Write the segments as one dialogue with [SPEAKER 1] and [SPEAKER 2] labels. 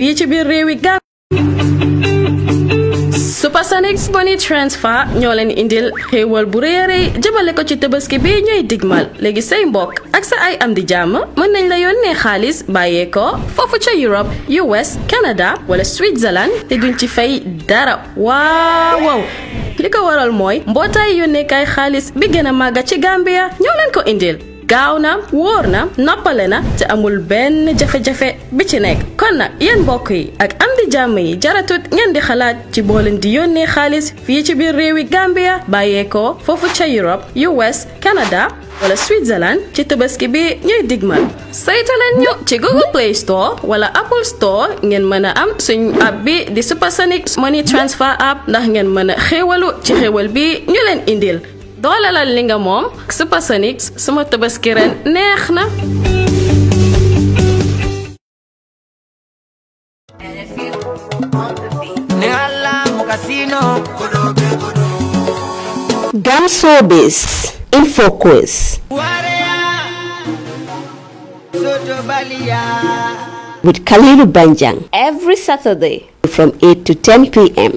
[SPEAKER 1] yi ci biir réewi Gàmbi Supersonic Money Transfer ñoo leen indil xéewal bu rëy a jëmale ko ci tabaski bi ñooy digmal léegi say mbokk ak sa ay am di jàmm mën nañ la yónnee xaalis bàyyee ko foofu ca Europe US Canada wala Switzerland te duñ ci fay dara waaw waaw li ko waral mooy mbootaay yónneekaay xaalis bi gën a màgga ci Gambia ñoo leen ko indil gaaw na wóor na noppale na te amul benn jafe-jafe bi ci nekk kon nag yéen mbokk yi ak am di jàmm yi jaratut ngeen di xalaat ci boo di yónnee xaalis fii ci biir réewi Gambia bàyyeekoo foofu ca Europe US Canada wala Switzerland ci tabaski bi ñuy digmal saytaleen ñu ci Google Play Store wala Apple Store ngeen mën a am suñ app bi di Supersonic Money Transfer app ndax ngeen mën a xéewalu ci xéewal bi ñu leen indil dolalal li nga moom Supersonics suma tabaski ren neex na
[SPEAKER 2] Gamsobis with Kalilu Banjang every Saturday from 8 to 10 p.m.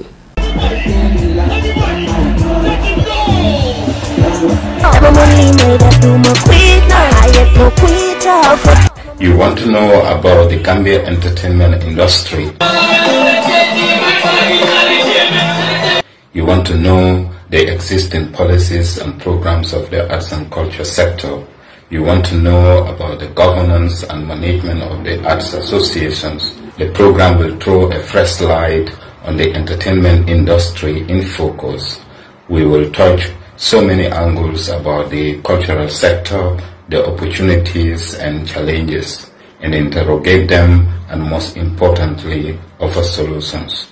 [SPEAKER 3] You want to know about the Gambia entertainment industry? You want to know the existing policies and programs of the arts and culture sector. You want to know about the governance and management of the arts associations. The program will throw a fresh light on the entertainment industry in focus. We will touch so many angles about the cultural sector, the opportunities and challenges, and interrogate them, and most importantly, offer solutions.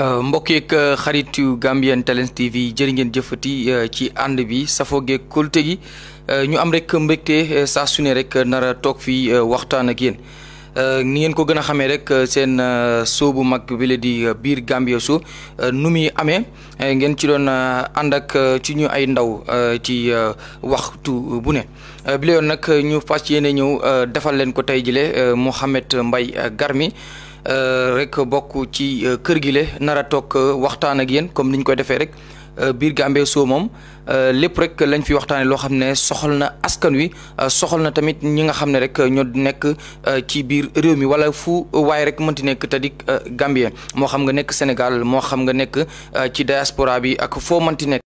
[SPEAKER 4] Euh, mbokk yeeg euh, xarit yu Gambian Talents TV jërë jëfati euh, ci ànd bi safoo geeg kolte gi ñu am rek mbégte saa sune ne rek nar a toog fii waxtaan ak yéen ni ngeen ko gën a xamee rek seen show bu mag bi di biir Gambia show nu muy amee ngeen ci doon ànd ak ci ñu ay ndaw ci waxtu bu ne bi yoon nag ñu fas yéene ñëw defal leen ko tey jile Mouhamed mbay Garmi. Euh, rek bokk ci euh, kër gi le nar a toog euh, waxtaan ak yéen comme ni ñu koy defee rek biir Gambe soo moom lépp rek lañ fi waxtaanee loo xam ne soxal na askan wi soxal na tamit ñi nga xam ne rek ñoo nekk ci biir réew mi wala fu waaye rek mënti nekk tadik Gambien moo xam nga nekk Sénégal moo xam nga nekk ci diaspora bi ak foo mënti nekk.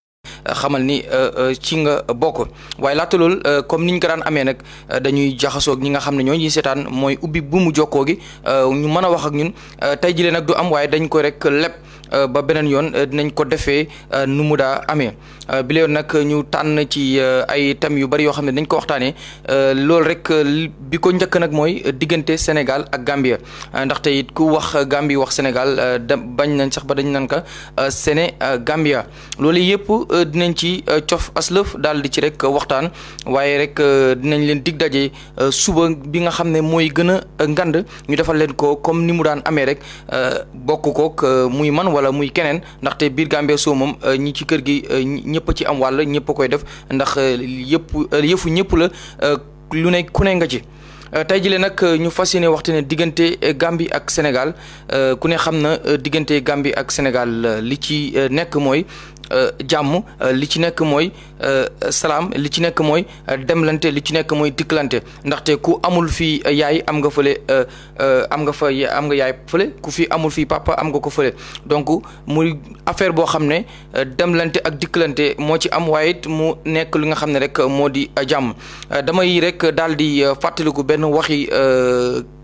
[SPEAKER 4] xamal ni euh, euh, ci nga bokk waaye laata loolu euh, comme niñ ko daan amee nag dañuy jaxasoo ñi nga xam ne ñoo seetaan mooy ubbi bu mu jokkoo gi ñu mën a wax ak ñun tey jilee nag du am waaye dañ ko rek lépp Euh, ba beneen yoon euh, dinañ ko defee euh, nu mu daa amee bi yoon nag ñu tànn ci ay thèmes yu bari yoo xam ne dañ ko waxtaanee loolu rek bi ko njëkk nag mooy diggante Sénégal ak Gambia ndaxte it ku wax Gambie wax Sénégal da bañ nañ sax ba dañ nan ka Séné Gambia loolu yëpp dinañ ci cof aslëf daal di ci rek waxtaan waaye rek dinañ leen dig daje suba bi nga xam ne mooy gën a ngand ñu defal leen ko comme ni mu daan amee rek bokk kook muy man wala muy keneen ndaxte biir Gambe soo moom euh, ñi ci kër gi euh, ñëpp ci am wàll ñëpp koy def ndax euh, yëpp yëfu ñëpp la lu ne ku ne nga ci. tey jii nag ñu fas yéene waxtu ne diggante Gambie ak Sénégal ku ne xam na diggante Gambie ak Sénégal li ci nekk mooy. Euh, jàmm euh, li ci nekk mooy euh, salaam li ci nekk mooy demlante li ci nekk mooy dikkalante ndaxte ku amul fii yaay am nga fële am nga fa am nga yaay fële ku fi amul fii papa am nga ko fële donc muy affaire boo xam ne demlante ak dikkalante moo ci am waaye it mu nekk lu nga xam ne rek moo di jàmm damay rek daal di fàttaliku benn waxi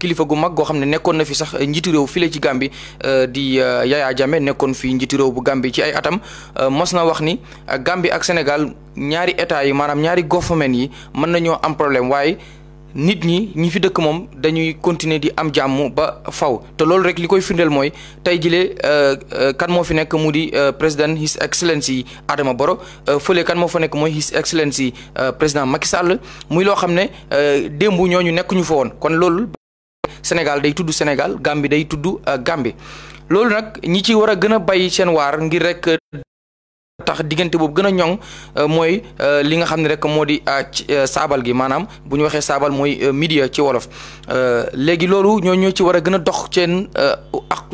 [SPEAKER 4] kilifa gu mag goo xam ne nekkoon na fi sax njiitu réew file ci Gàmbi di Yaya Jammeh nekkoon fi njiitu réew bu Gàmbi ci ay atam mos na wax ni euh, Gambie ak Sénégal ñaari état yi maanaam ñaari government yi mën nañoo am problème waaye nit ñi ñi fi dëkk moom dañuy continuer di am jàmm ba faw te loolu rek li koy firndeel mooy tey jile euh, euh, kan moo fi nekk mu di président his excellency Adama boro fële kan moo fa nekk mooy his excellency président Macky Sall muy loo xam ne démb ñoo ñu nekkuñu fa woon kon loolu Sénégal day tudd Sénégal Gambie day tudd Gambie loolu nag ñi ci war a gën a bàyyi seen tax diggante boobu gën a ñoŋ euh, mooy euh, li nga xam ne rek moo di euh, saabal gi maanaam bu ñu waxee saabal mooy media ci wolof léegi loolu ñoo ñoo ci war a gën a dox seen ak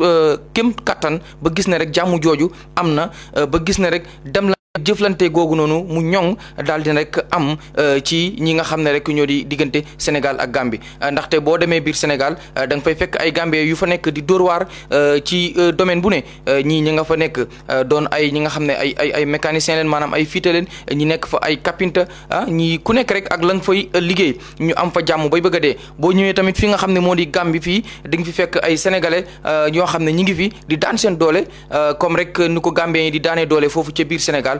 [SPEAKER 4] kem kattan ba gis ne rek jàmm jooju am na ba gis ne rek dem jëflante googu noonu mu ñoŋ daal di rek am euh, ci ñi nga xam ne rek ñoo di diggante Sénégal ak Gambie euh, ndaxte boo demee biir Sénégal euh, danga nga fay fekk ay Gambie yu fa nekk di dóor waar ci domaine bu ne ñii ñi nga fa nekk doon ay ñi nga xam ne ay ay ay mécanicien leen maanaam ay fiite leen ñi nekk fa ay kapinta ah ñi ku nekk rek ak la fay liggéey ñu am fa jàmm bay bëgg a dee boo ñëwee tamit fi nga xam ne moo di Gambie fii di nga fi fekk ay sénégalais ñoo xam ne ñi ngi fi di daan seen doole comme rek ni ko Gambien yi di daanee doole foofu ca biir Sénégal Sénégal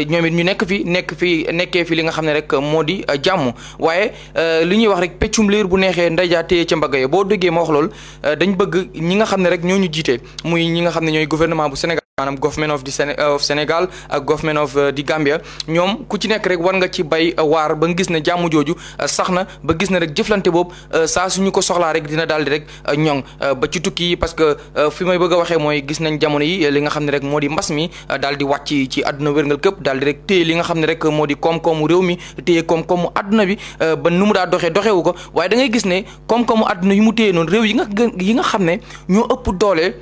[SPEAKER 4] euh, ñoom it ñu nekk fi nekk fi nekkee fi li nga xam ne rek moo di euh, jàmm waaye euh, li ñuy wax rek peccum liir bu neexee ndeyjaa téye ca mbagg ya boo déggee ma wax lool dañ bëgg ñi nga xam ne rek ñoo ñu jiite muy ñi nga xam ne ñooy gouvernement bu Sénégal maanaam government of di uh, of Sénégal ak government of di uh, Gambia ñoom ku ci nekk rek war nga ci bay uh, waar ba nga gis ne jàmm jooju sax na ba gis na rek jëflante boobu saa suñu ko soxlaa rek dina daal di rek ñoŋ ba ci tukki yi parce que fi may bëgg a waxee mooy gis nañ jamono yi li nga xam ne rek moo di mbas mi daal di wàcc ci àdduna wérngal këpp daal di rek téye li nga xam ne moo di koom-koomu réew mi téye koom-koomu àdduna bi ba nu mu daa doxee doxewu ko waaye da gis ne koom-koomu àdduna yu mu téye noonu réew yi nga yi nga xam ne ñoo ëpp doole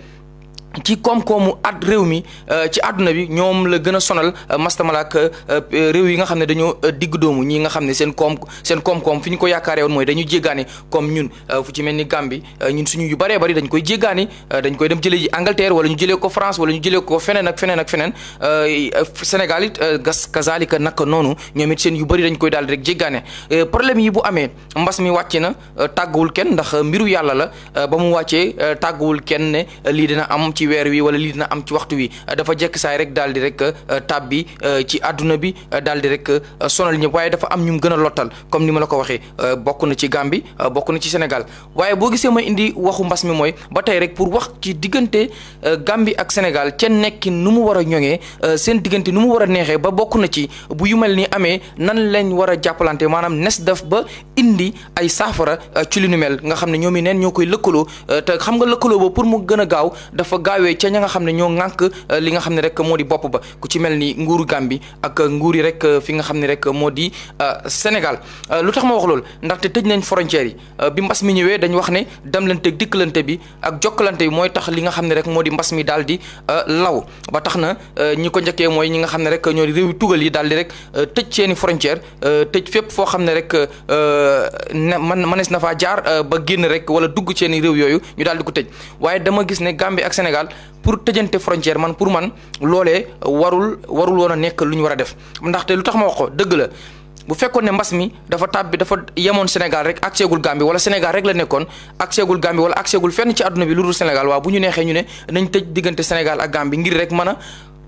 [SPEAKER 4] ci koom-koomu at réew mi euh, ci àdduna bi ñoom la gën a sonal euh, malaak euh, réew yi nga xam ne dañoo digg doomu ñi nga xam ne seen koom seen koom-koom fi ñu ko yaakaaree woon mooy dañu jéggaane comme ñun fu ci mel ni gàmbi ñun suñu yu bëree bëri dañ koy jéggaani dañ koy dem jëlee ji Angleterre wala ñu jëlee ko France wala ñu jëlee ko feneen ak feneen ak feneen Sénégal it gas kazalika naka noonu ñoom it seen yu bëri dañ koy daal rek jéggaane problème yi bu amee mbas mi wàcc na tàgguwul kenn ndax mbiru yàlla la ba mu wàccee tàgguwul kenn ci weer wi wala lii dina am ci waxtu wi dafa jekk saay rek daal di rek euh, tab bi euh, ci àdduna bi euh, daal di rek sonal ñëpp waaye dafa am ñu gën a lottal comme ni ma la ko waxee bokk na ci Gambie bokk na ci Sénégal waaye boo gisee ma indi waxu mbas mi mooy ba tey rek pour wax ci diggante Gambie ak Sénégal ca nekkin nu mu war a ñoŋee seen diggante nu mu war a neexee ba bokk na ci bu yu mel ni amee nan lañ war jàppalante maanaam nes def ba indi ay saafara ci li nu nga xam ne ñoom i neen ñoo koy lëkkaloo xam nga lëkkaloo ba pour mu gën gaaw dafa gaaw gaawee ca ña nga xam ne ñoo ŋànk euh, li nga xam ne rek moo di bopp ba ku ci mel ni nguuru Gambie ak euh, nguuri rek euh, fi nga xam ne rek moo di Sénégal lu tax ma wax loolu ndaxte tëj nañ frontières yi bi mbas mi ñëwee dañ wax ne dem lante dikkalante bi ak jokkalante yi mooy tax li nga xam ne rek moo di mbas mi daal di law ba tax na ñi ko njëkkee mooy ñi nga xam ne rek ñoo di réewi tugal yi daal di rek tëj seeni frontière tëj fépp foo xam ne rek man mënees na fa jaar ba génn rek wala dugg seeni réew yooyu ñu daal di ko tëj waaye dama gis ne Gambie Sénégal pour tëjante frontière man pour man loolee warul warul woon a nekk lu ñu war a def ndaxte lu tax ma wax ko dëgg la. bu fekkoon ne mbas mi dafa tàbbi dafa yemoon Sénégal rek ak seegul Gambie wala Sénégal rek la nekkoon ak seegul Gambie wala ak seegul fenn ci àdduna bi lu dul Sénégal waaw bu ñu neexee ñu ne nañ tëj diggante Sénégal ak Gambie ngir rek mana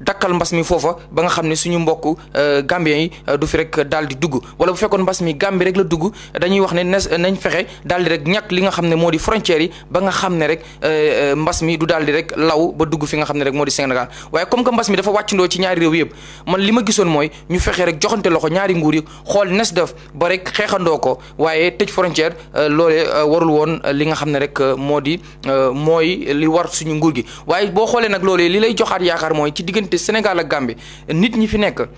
[SPEAKER 4] dakkal mbas mi foofa ba nga xam ne suñu mbokk euh, gambien yi euh, du fi rekk daal di dugg wala bu fekkoon mbas mi gàmbi rek la dugg dañuy wax ne nañ fexe daal di rek ñàkk li nga xam ne moo di frontières yi ba nga xam ne rek euh, mbas mi du daal di rek law ba dugg fi nga xam ne rek moo di Sénégal waaye comme que mbas dafa wàccandoo ci ñaari réew yëpp man li ma gisoon mooy ñu fexe rek joxante loxo ñaari nguur yi xool nes def ba rek xeexandoo ko waaye tëj frontière loolee warul woon li nga xam ne rek moo di mooy li war suñu nguur gi waaye boo xoolee nag loolee li lay joxaat yaakaar mooy ci diggante diggante Sénégal ak Gambie nit ñi fi nekk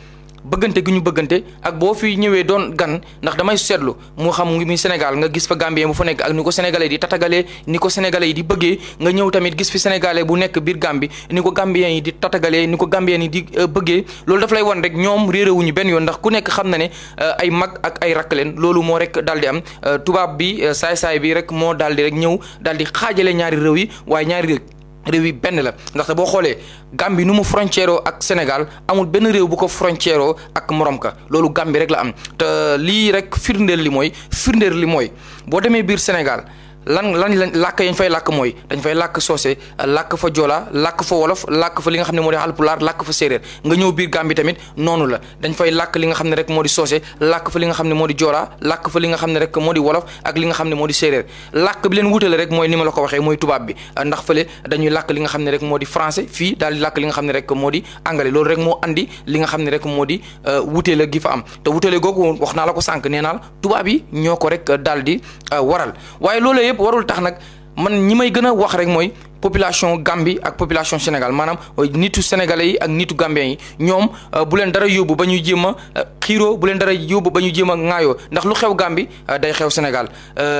[SPEAKER 4] bëggante gi ñu bëggante ak boo fi ñëwee doon gan ndax damay seetlu moo xam ngi muy Sénégal nga gis fa Gambien bu fa nekk ak ni ko sénégalais di tatagalee ni ko sénégalais yi di bëggee nga ñëw tamit gis fi sénégalais bu nekk biir Gambie ni ko Gambien yi di tatagalee ni ko Gambien yi di euh, bëggee loolu daf lay wan rek ñoom réeréwuñu benn yoon ndax ku nekk xam na ne euh, ay mag ak ay rakk leen loolu moo rek daal di am euh, tubaab bi saay-saay bi rek moo daal rek ñëw daal di xaajale ñaari réew yi waaye ñaari réew réew yi benn la ndaxte boo xoolee Gambie nu mu frontière ak Sénégal amul benn réew bu ko frontière ak morom ka loolu Gambie rek la am te lii rek firndeel li mooy firndeel li mooy boo demee biir Sénégal. lan lan lañ làkk yañ fay làkk mooy dañ fay làkk soose làkk fa joola làkk fa wolof làkk fa li nga xam ne moo di alpulaar làkk fa séeréer nga ñëw biir Gàmbi tamit noonu la dañ fay làkk li nga xam ne rek moo di soose làkk fa li nga xam ne moo di joola làkk fa li nga xam ne rek moo di wolof ak li nga xam ne moo di séeréer làkk leen wutale rek mooy ni ma la ko waxee mooy bi ndax fële dañuy làkk li nga xam ne rek moo di français fii daal di làkk li nga xam ne rek moo di anglais loolu rek moo andi li nga xam ne rek moo di euh, wuteela gi fa am te wutale googu wax naa la ko sànq nee naa la tubaab yi ñoo ko rek daal di euh, waral waaye loolu yooyu warul tax nag man ñi may gën a wax rek mooy population Gambie ak population Sénégal maanaam nitu sénégalais yi ak nitu gambien yi ñoom euh, bu leen dara yóbbu ba ñuy jéem a euh, xiiroo bu leen dara yóbbu ba ñu jéem a ŋaayoo ndax lu xew gàmbi euh, day xew Sénégal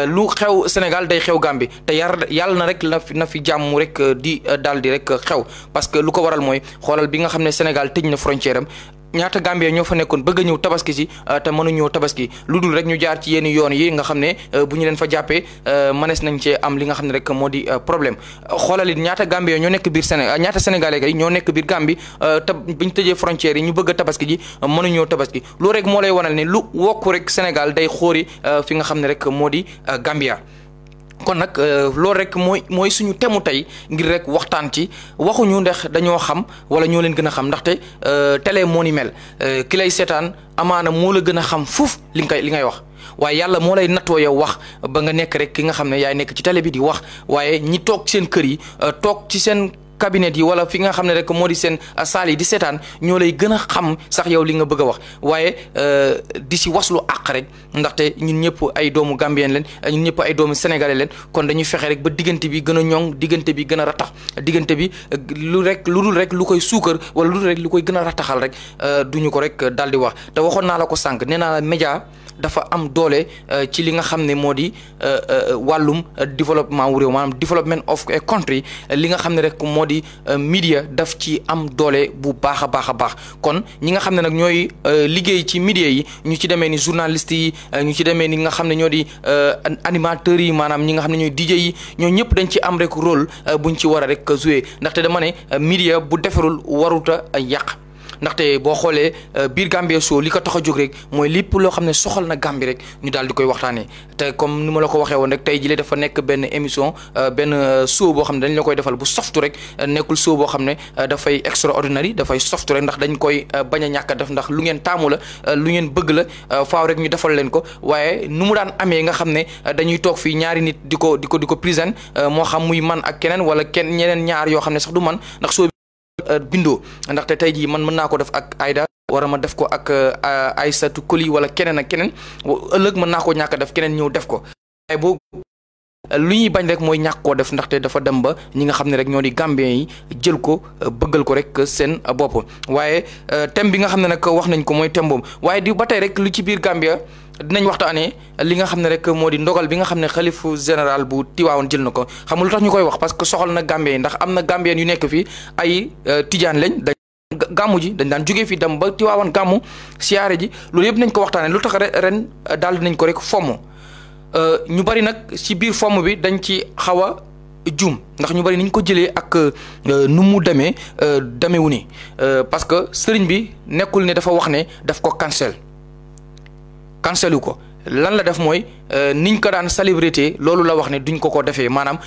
[SPEAKER 4] lu xew Sénégal day xew gàmbi te yar yàlla na rek na fi na fi jàmm rek di daal di rek xew parce que lu ko waral mooy xoolal bi nga xam ne Sénégal tëj na frontière am ñaata Gambien ñoo fa nekkoon bëgg ñëw tabaski si euh, te ñëw tabaski lu dul rek ñu jaar ci yenn yoon yi nga xam ne euh, bu ñu leen fa jàppee euh, mënees nañ cee am li nga xam ne rek moo di problème xoolali it ñaata Gambien ñoo nekk biir Sénégal ñaata sénégalais kay ñoo nekk biir Gambie te biñ tëjee frontières yi ñu bëgg tabaski ji mënuñoo tabaski loolu rek moo lay wanal ne lu wokku rek Sénégal day xóori fi nga xam ne rek moo di Gambia. kon nag euh, loolu rek mooy mooy suñu temu tey ngir rek waxtaan ci waxuñu ndex dañoo xam wala ñoo leen gën a xam ndaxte euh, télé moo ni mel euh, ki lay seetaan amaana moo la gën a xam fuuf li nga koy li ngay wax. waaye yàlla moo lay nattoo yow wax ba nga nekk rek ki nga xam ne yaay nekk ci télé bi di wax waaye ñi toog seen kër yi toog ci seen. cabinet yi wala fi nga xam ne rek moo di seen euh, saal yi di seetaan ñoo lay gën a xam sax yow li nga bëgg wax waaye euh, di si waslu àq rek ndaxte ñun ñëpp ay doomu Gambien leen euh, ñun ñëpp ay doomu Sénégalais leen kon dañuy fexe rek ba diggante bi gën a ñoŋ diggante bi gën a ratax diggante bi lu rek lu dul rek lu koy suukar wala lu dul rek lu koy gën a rataxal rek duñu ko rek daal di wax te waxoon naa la ko sànq nee naa la média dafa am doole ci li nga xam ne moo di wàllum développement wu réew maanaam di euh, media daf ci am doole bu baax a baax a baax kon ñi nga xam ne nag ñooy euh, liggéey ci media yi ñu ci demee ni journaliste yi euh, ñu ci demee ni nga xam ne ñoo di animateurs yi maanaam ñi nga xam ne ñooy DJ yi ñoo ñëpp dañ ci am rek rôle ñu ci war a rek jouer ndaxte dama ne media bu defarul waruta yàq ndaxte boo xoolee euh, biir Gambia Show li ko tax a jóg rek mooy lépp loo xam ne soxal na Gambie rek ñu daal di koy waxtaanee te comme nu ma la ko waxee woon rek tey ji jii dafa nekk benn émission euh, benn euh, show boo xam ne dañ la koy defal bu softu rek nekkul show boo xam ne dafay extraordinary dafay softu rek ndax dañ koy bañ a ñàkk a def ndax lu ngeen taamu la lu ngeen bëgg la faaw rek ñu defal leen ko waaye nu mu daan amee nga xam ne dañuy toog fii ñaari nit di ko di ko di ko prison moo xam muy man ak keneen wala kenn ñeneen ñaar yoo xam ne sax du man Euh, bindoo ndaxte tey jii man mën naa ko def ak Aïda wara ma def ko ak euh, ay satu Koli wala keneen ak keneen ëllëg mën naa ko ñàkk def keneen ñëw def ko waaye boo lu ñuy bañ rek mooy ñàkk koo def ndaxte dafa dem ba ñi nga xam ne rek ñoo di Gambien yi jël ko euh, bëggal ko rek seen bopp waaye thème bi nga xam ne nag wax nañ ko mooy thème waaye di ba tey rek lu ci biir Gambia dinañ waxtaanee li nga xam ne rek moo di ndogal bi nga xam ne xalifu général bu Tiwaawoon jël na ko xam lu tax ñu koy wax parce que soxal na Gambien yi ndax am na Gambien yu nekk fii ay euh, tijaan lañ. gàmmu ji dañ daan jógee fii dem ba Tiwaawoon gàmmu siyaare ji loolu yëpp nañ ko waxtaanee lu tax ren euh, daal dinañ ko rek fomm euh, ñu bari nag ci biir fomm bi dañ ci xaw a juum ndax ñu bari niñ ko jëlee ak nu mu demee demewu ni parce que sëriñ bi nekkul ne dafa wax ne daf ko cancel. kansalu ko lan la def mooy euh, niñ ko daan célébrité loolu la wax ne duñ ko ko defee maanaam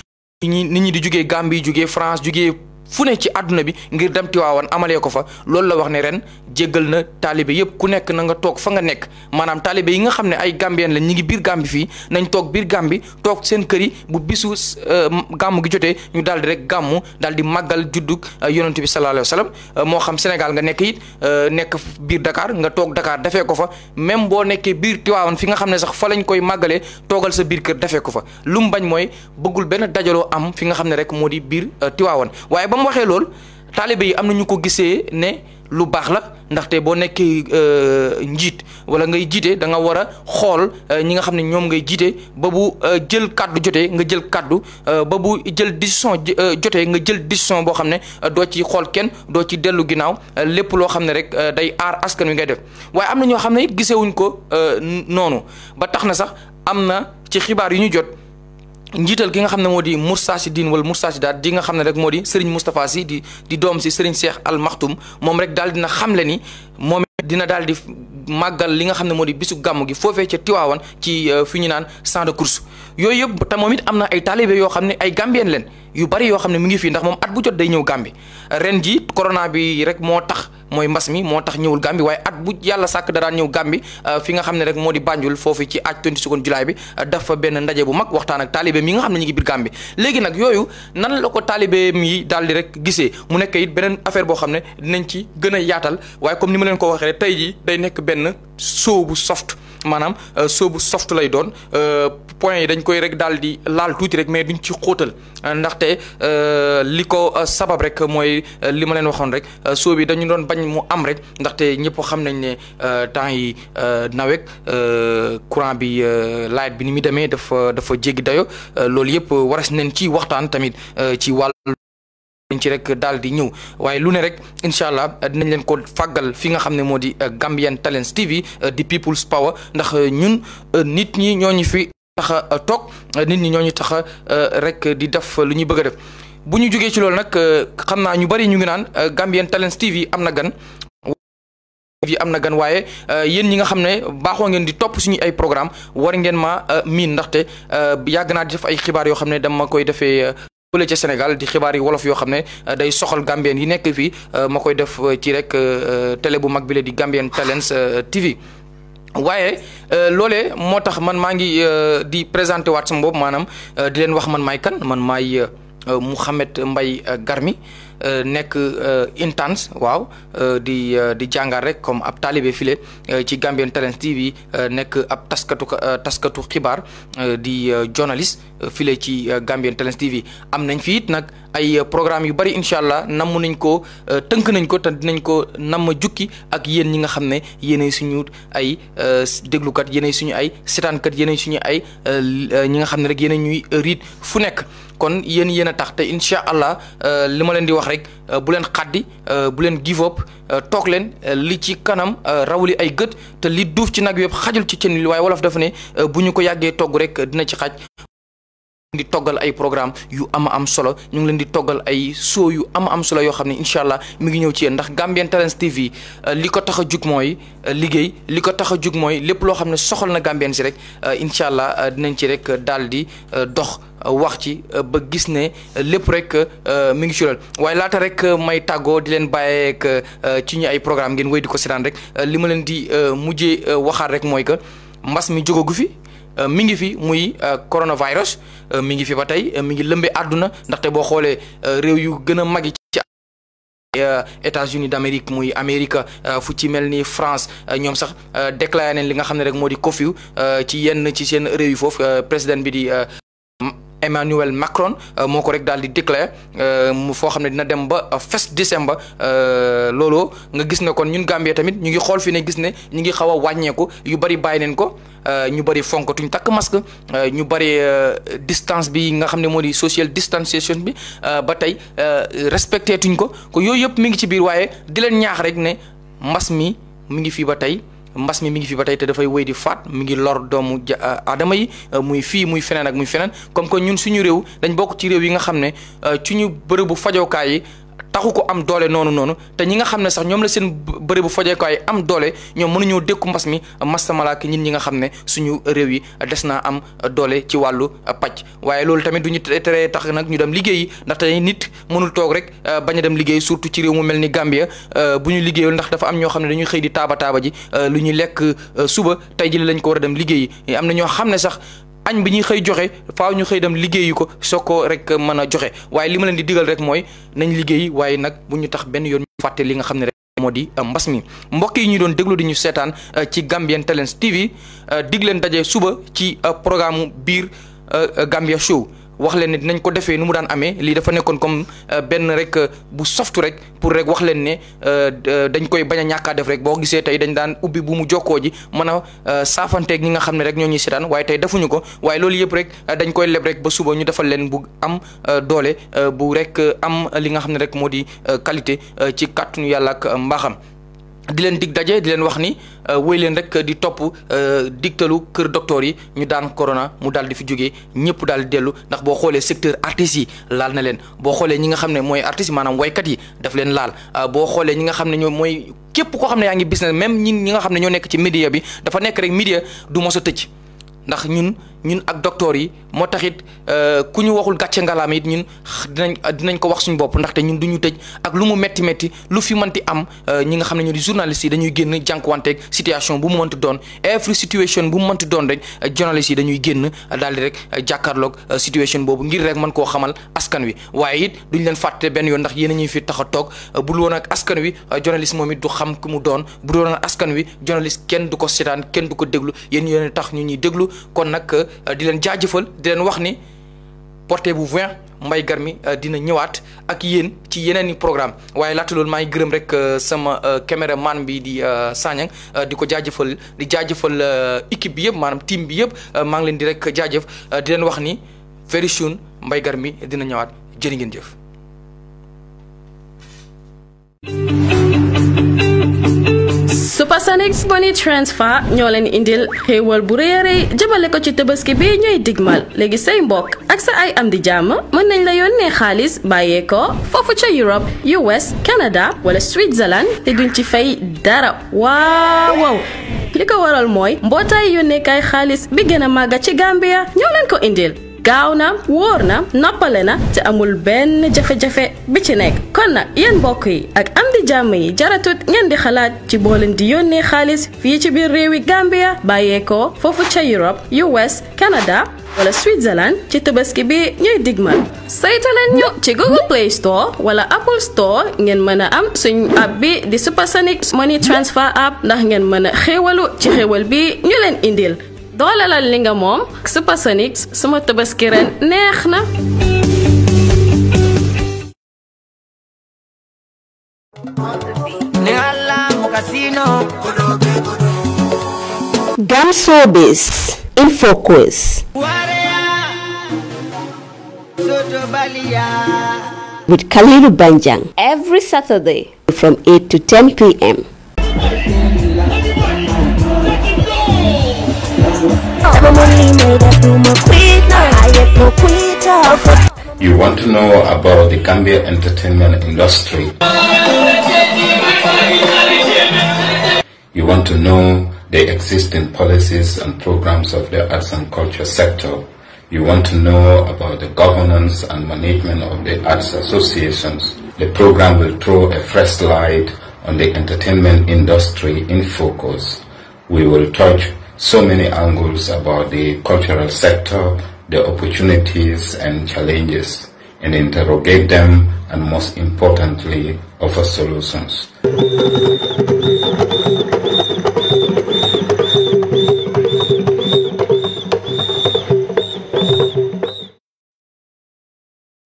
[SPEAKER 4] nit ñi di jugee Gambie jugee France jugee fu ne ci àdduna bi ngir dem Tiwaawan amalee ko fa loolu la wax ne ren jéggal na taalibe yëpp ku nekk na nga toog fa nga nekk maanaam taalibe yi nga xam ne ay gambien la ñu ngi biir gambi fii nañ toog biir gambi toog seen kër yi bu bisu euh, gàmm gi jotee ñu daal di rek gàmmu daal di màggal juddug euh, yonent bi sallallahu alayhi wa euh, moo xam Sénégal nga nekk it nekk biir dakaar nga toog dakaar defee ko fa même boo nekkee biir Tiwaawan fi nga xam ne sax fa lañ koy màggalee toogal sa biir kër defee ko fa lu mu bañ mooy bëggul benn dajaloo am fi nga xam ne rek moo di biir Tiwaawan mu lool loolu taalibe yi am na ñu ko gisee ne lu baax la ndaxte boo nekkee euh, njiit wala ngay jiite da nga war a xool euh, ñi nga xam ne ñoom ngay jiite ba bu euh, jël kàddu jotee nga jël kàddu ba bu jël décision jotee nga jël décision boo xam ne doo ci xool kenn doo ci dellu ginnaaw lépp loo xam ne rek day aar askan wi ngay def waaye am na ñoo xam ne it gisewuñ ko noonu ba tax na sax am na ci xibaar yu ñu jot. njiital gi nga xam ne moo di Moustarchidine wala Moustarchidaat di nga xam ne rek moo di Serigne Moustapha Sy di di doom si Serigne Cheikh Al Maktoum moom rek daal dina xam xamle ni moom dina daal di màggal li nga xam ne moo di bisu gàmm gi foofee ca Tiwaawan ci euh, fi ñu naan champ de course yooyu yëpp te moom it am na ay taalibe yoo xam ne ay gambien leen yu bari yoo xam ne mu ngi fii ndax moom at bu jot day ñëw Gàmbi ren jii corona bi rek moo tax. mooy mbas mi moo tax ñëwul Gàmbi waaye at bu yàlla sàkk daraan ñëw Gàmbi euh, fi nga xam ne rek moo di Banjul foofu ci aj 22 July bi euh, dafa benn ndaje bu mag waxtaan ak taalibe mi nga xam ne ñu ngi biir Gàmbi léegi nag yooyu nan la ko taalibe mi daal di rek gisee mu nekk it beneen affaire boo xam ne dinañ ci gën a yaatal waaye comme ni ma leen ko waxee tey ji day nekk benn soo bu soft maanaam euh, soobu soft lay doon euh, point yi dañ koy rek daal di laal tuuti rek mais duñ ci xóotal euh, ndaxte li ko sabab rek mooy li ma leen waxoon rek soo bi dañu doon bañ mu am rek ndaxte ñëpp xam nañ ne temps yi nawek courant bi light bi ni muy demee dafa dafa jéggi dayo loolu yëpp waras nañ ci waxtaan tamit ci wàll dañ ci rek daal di ñëw waaye lu ne rek incha allah dinañ leen ko fàggal fi nga xam ne moo di euh, Gambian Talents TV euh, di People's Power ndax euh, ñun nit ñi ñoo ñu fi tax a toog nit ñi ñoo ñu tax a rek di def lu ñuy bëgg a def bu ñu jógee ci loolu nag xam naa ñu bari ñu ngi naan Gambian Talents TV am na gan. yi am na gan waaye yéen ñi nga xam ne baaxoo ngeen di topp suñu ay programme war ngeen ma miin ndaxte yàgg naa di def ay xibaar yoo xam ne dama koy defee. fële ca Sénégal di xibaar yi wolof yoo xam ne euh, day soxal Gambien yi nekk fii euh, ma koy def euh, ci rek télé bu mag bi la di Gambian Talents TV waaye loole moo tax man maa ngi di présenté waat sama bopp maanaam di leen wax man may kan man maay Mouhamed mbay Garmi Euh, nekk euh, intense waaw euh, di di jàngar rek comme ab taalibe file ci Gambian Talents TV nekk ab taskatu taskatu xibaar di journaliste file ci Gambian Talents TV am nañ fi it nag ay programme yu bari incha allah namm nañ ko tënk nañ ko te dinañ ko namm jukki ak yéen ñi nga xam ne yéenay suñu ay déglukat yéenay suñu ay setaankat yéenay suñu ay ñi nga xam ne rek yéenay ñuy riit fu nekk. kon yéen yéen a tax te incha allah euh, li ma leen di wax rek euh, bu leen xaddi euh, bu leen give up toog leen li ci kanam rawli ay gët te li duuf ci nag yëpp xajul ci cin li waaye wolof dafa ne bu ñu ko yàggee togg rek dina ci xaj di toggal ay programme yu ama am solo ñu ngi leen di toggal ay soo yu ama am solo yoo xam ne incha allah mi ngi ñëw ci yéen ndax Gambian Talents TV euh, li ko tax a jug mooy euh, liggéey li ko tax a jug mooy lépp loo xam ne soxal na Gambien si rek euh, incha allah dinañ ci rek daal di dox wax ci ba gis ne lépp rek mi ngi ci lool waaye laata rek may tàggoo di leen bàyyeek ci ñu ay programme ngeen wéy di ko seetaan rek li ma leen di mujjee waxaat rek mooy que mbas mi jógagu fi. Euh, mi ngi fi muy euh, coronavirus euh, mi ngi fi ba tey mi ngi lëmbee àdduna ndaxte boo xoolee réew yu gën a mag yi ci États-Unis d'Amérique muy Amérique fu ci mel ni France ñoom sax déclaré nañ li nga xam ne rek moo di curfew ci yenn ci seen réew yi foofu président bi di Emmanuel Macron euh, moo ko rek daal di déclaré euh, mu foo xam ne dina dem ba euh, fes décembre loolu nga gis ne kon ñun Gambie tamit ñu ngi xool fii ne gis ne ñu ngi xaw a wàññeeku yu bari bàyyi neen ko ñu bari fonkatuñ takk masque ñu bari distance bi nga xam ne moo di social distanciation bi ba tey respecté tuñ ko ko yooyu yëpp mi ngi ci biir waaye di leen ñaax rek ne mas mi mi ngi fii ba tey. mbas mi mi ngi fi ba tey te dafay woy di faat mi ngi lor doomu euh, aadama yi euh, muy fii muy feneen ak muy feneen comme que ñun suñu réew dañ bokk ci réew yi nga xam ne euh, ci ñu bërëbu fajookaay yi taxu ko am doole noonu noonu te ñi nga xam ne sax ñoom la seen bëri bu fajeekaay am doole ñoom mënuñoo dékku mbas mi mastamalaak ñin ñi nga xam ne suñu réew yi des naa am doole ci wàllu paj waaye loolu tamit du ñu tere tax nag ñu dem liggéey ndaxte nit mënul toog rek euh, bañ a dem liggéey surtout ci réew mu mel ni Gambia euh, bu ñu liggéeyul ndax dafa am ñoo xam ne dañuy xëy di taaba taaba ji euh, lu ñuy lekk suba tey ji lañ ko war a dem liggéey am na ñoo xam ne sax añ bi ñuy xëy joxe faaw ñu xëy dem liggéeyi ko soo ko rek mën a joxe waaye li ma leen di digal rek mooy nañ liggéey waaye nag bu ñu tax benn yoon fàtte li nga xam ne rek moo di euh, mbas mi mbokk yi ñu doon déglu di ñu seetaan euh, ci Gambian Talents TV euh, dig leen daje suba ci programme biir Gambia Show wax leen ne dinañ ko defee nu mu daan amee lii dafa nekkoon comme euh, benn rek euh, bu softu rek pour rek wax leen ne euh, dañ koy bañ a ñàkkaa def rek boo gisee tey dañ daan ubbi bu mu jokkoo ji mën a saafanteeg ñi nga xam ne rek ñoo ñuy seetaan waaye tey defuñu ko waaye loolu yëpp rek dañ koy leb rek ba suba ñu defal leen bu am doole bu rek am li nga xam ne rek moo di qualité ci kàttanu yàlla ak mbaaxam di leen dig daje di leen wax ni euh, wéy leen rek di topp euh, diktelu kër docteur yi ñu daan corona mu dal di fi jóge ñëpp dal dellu ndax boo xoolee secteur artiste yi laal na leen boo xoolee ñi nga xam ne mooy artiste maanaam waykat yi daf leen laal euh, boo xoolee ñi nga xam ñoo mooy képp koo xam ne yaa business même ñi nga xam ne ñoo nekk ci média bi dafa nekk rek média du mos a ndax ñun ñun ak docteur yi moo taxit euh, ku ñu waxul gàcce ngalaam it ñun dinañ dinañ ko wax suñu bopp ndaxte ñun duñu tëj ak lu mu metti metti lu fi mënti am euh, ñi nga xam ne ñoo di journalistes yi dañuy génn jànkuwanteeg situation bu mu mënti doon every situation bu mu mënti doon rek euh, journalistes yi dañuy génn daal di rek jàkkaarloog situation boobu ngir rek mën koo xamal askan wi waaye it duñ leen fàtte benn yoon ndax yéen a ñuy fi tax a toog bul woon ak askan wi journaliste moom it du xam ku mu doon bul woon askan wi journaliste kenn du ko setaan kenn du ko déglu yéen yéen tax ñu ñuy déglu kon nag Euh, di leen jaajëfal di leen wax ni porté bu vingt mbay garmi euh, dina ñëwaat ak yéen ci yeneen i programme waaye laata lool maa gërëm rek euh, sama caméraman bi di Sagnang di ko jaajëfal di jaajëfal équipe bi yëpp maanaam team bi yëpp maa ngi leen di rek jaajëf di leen wax ni very soon mbay garmi dina ñëwaat jërë ngeen jëf.
[SPEAKER 1] Supersonix Money Transfer ñoo leen indil xéewal bu rëy a rëy jëmale ko ci tabaski bi ñooy digmal léegi say mbokk ak sa ay am di jàmm mën nañ la yónnee xaalis bàyyee ko foofu ca Europe US Canada wala Switzerland te duñ ci fay dara waaw li ko waral mooy mbootaay yónneekaay xaalis bi gën a màgga ci Gambia ñoo leen ko indil gaaw na wóor na noppale na ci amul benn jafe-jafe bi ci nekk kon nag yéen mbokk yi ak am di jàmm yi jaratut ngeen di xalaat ci boo di yónnee xaalis fii ci biir réewi Gambia bàyyeekoo foofu ca Europe US Canada wala Switzerland ci tabaski bi ñuy digmal saytaleen ñu ci Google Play Store wala Apple Store ngeen mën a am suñu app bi di Supersonic Money Transfer app ndax ngeen mën a xéewalu ci xéewal bi ñu leen indil doolalal li nga moom Supersonics suma tabaski ren neex na
[SPEAKER 2] Gamsobis focus with Kaliru Banjang every Saturday from 8 to 10 p.m.
[SPEAKER 3] You want to know about the Gambia entertainment industry? You want to know the existing policies and programs of the arts and culture sector. You want to know about the governance and management of the arts associations. The program will throw a fresh light on the entertainment industry in focus. We will touch so many angles about the cultural sector, the opportunities and challenges, and interrogate them and most importantly, offer solutions.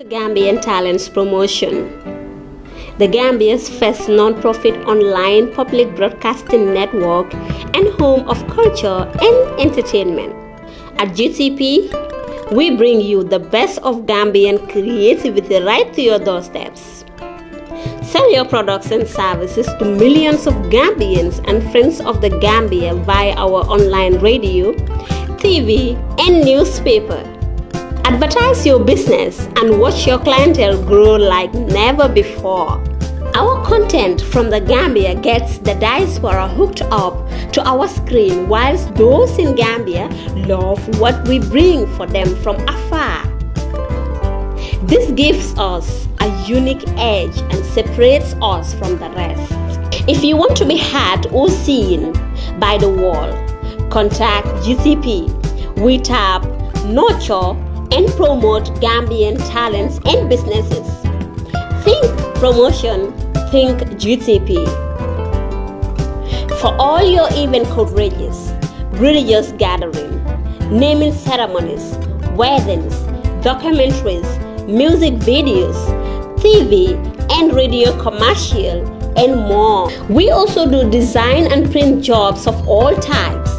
[SPEAKER 2] Gambian Talents Promotion the Gambia's first non-profit online public broadcasting network and home of culture and entertainment. At GTP, we bring you the best of Gambian creativity right to your doorsteps. Sell your products and services to millions of Gambians and friends of the Gambia via our online radio, TV, and newspaper. Advertise your business and watch your clientele grow like never before. Our content from the Gambia gets the diaspora hooked up to our screen, whilst those in Gambia love what we bring for them from afar. This gives us a unique edge and separates us from the rest. If you want to be heard or seen by the world, contact GCP, WeTap, Nurture, and promote Gambian talents and businesses. Think promotion, think GTP. For all your event coverages, religious gathering, naming ceremonies, weddings, documentaries, music videos, TV and radio commercial, and more. We also do design and print jobs of all types,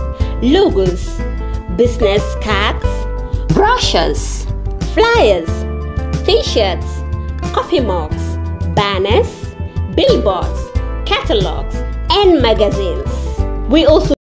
[SPEAKER 2] logos, business cards, brushes, flyers, t shirts, coffee mugs, banners, billboards, catalogs, and magazines. We also